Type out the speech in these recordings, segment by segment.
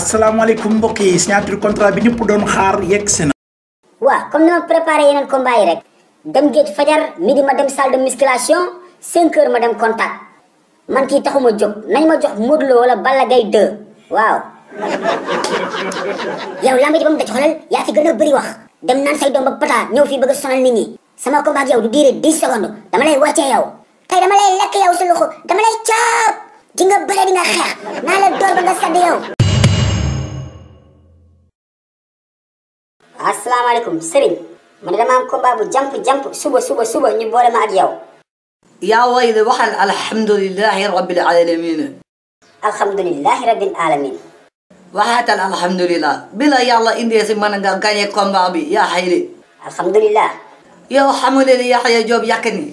assalamualaikum mbokk signature contrat bi ñep doon xaar yek sen wa comme ni ma préparer yeneen combat yi rek dem geej fajar midi ma dem salle de musculation 5 heures ma dem contact man ki taxuma jóg nañ ma jox modulo wala Balla gay 2 waaw. yow lambe di bam da xolal ya fi gëna bari wax dem nan say doom ba pata ñew fi bëgg sonal nit ñi sama combat ak yow du diré 10 secondes dama lay wacce yow tay dama lay lek yow sa loxo dama lay caab di nga bëre di nga xex na la door ba nga sadd yow. asalaamaaleykum sëriñ man dama am combat bu jamp jamp suba suba suba ñu boole ma ak yow. yaa way de waxal alhamdulilahi rabbil alamin. alhamdulilahi rabbil alamin. waxaatal alhamdulilah bila yàlla indee si mën nga gagné combat bi yaa xayri. alhamdulilah. yow xamu leen Yaxya Joob Yékini.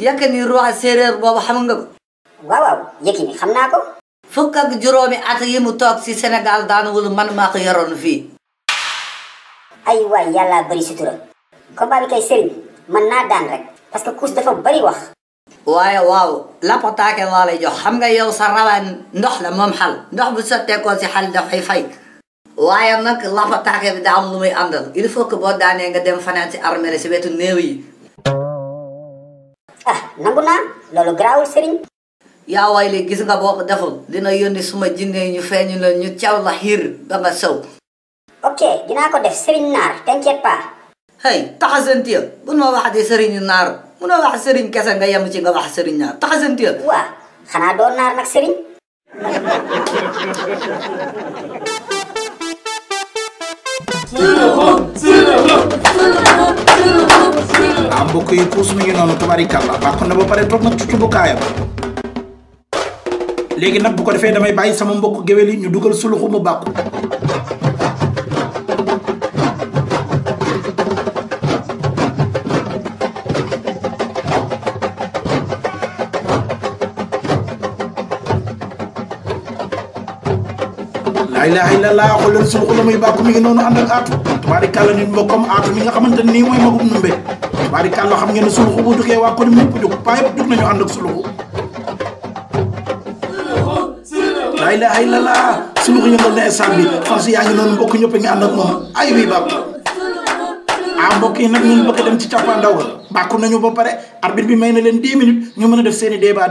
Yékini ruuxa séeréer boobu xam nga ko. waaw waaw Yékini xam naa ko. fukk ak juróomi at yi mu toog si Sénégal daanaka man maa ko yoroon fii. ay waay yàlla bëri sutura combat bi kay sëriñ mën naa daan rek parce que kuus dafa bëri wax waaye waaw lapotaake laa lay jox xam nga yow sa ndox la moom xal ndox bu sotteekoo si xal dafay fay waaye nag lapotaake bi daa am lu muy àndal il faut que boo daanee nga dem fanaan si armée si wetu néew yi ah nangu naa loolu garaawul sëriñ yaa waay li gis nga boo ko deful dina yónni suma jinne ñu feeñu la ñu caw la xiir ba nga sow ok dinaa ko def sëriñ nar, t'inquiète pas hey taxasantiya bul ma wax sering nar, naar mun a wax sëriñ kese nga yem ci nga wax sëriñ naar taxasantiya waa xanaa doo naar nag sëriñ am mbokk yi puus mi ngi noonu na ba sama ñu dugal suluxu laa ilaaha illallaah xoolal suñu xula muy bàkku mi ngi noonu ànd ak aatu tubaarikàlla nit mbokkam aatu mi nga xamante ne nii mooy magum numbe tubaarikàlla xam ngeen ne suluxu la jugee waa ko nim ñëpp jug paa yëpp jug na noonu mbokk ñëpp a ngi ànd ak moom ay wi bàkku ah mbokk yi nag ñu bëgg dem ci càppaandaw ga bàkku nañu ba pare arbitre bi may na leen 10 minutes ñu mën a def seen i débat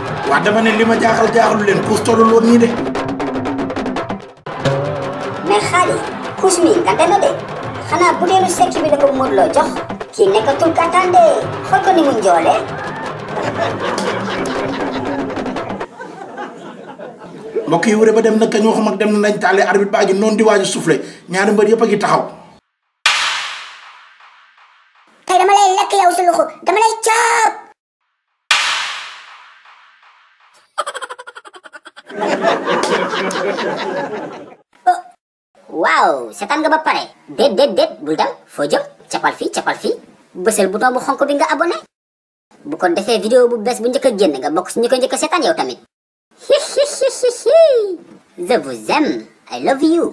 wadama ne lima jaaxal jaaxalu len pousse tolul woon ni de me xali pousse mi nga dana de xana bu deelu sekk bi dafa ko mur loo jox kii nekkatul kattan de xool ni mu njoolee mbokk yi wure ba dem nak ñoo xam ak dem nañ taale arbitre baaji non di waaju soufflé ñaari mbeur yepp ak ngi taxaw tay dama lay lek yow sa loxo dama lay Wow, setan nga ba pare eh? Dead, dead, dead. Bulldog, dal foo fi, cappal fi. Besel fii bësal bouton bu xonk bi nga abonné bu ko defee vidéo bu bees bu njëkk a génn nga bokk si ñu ko I love you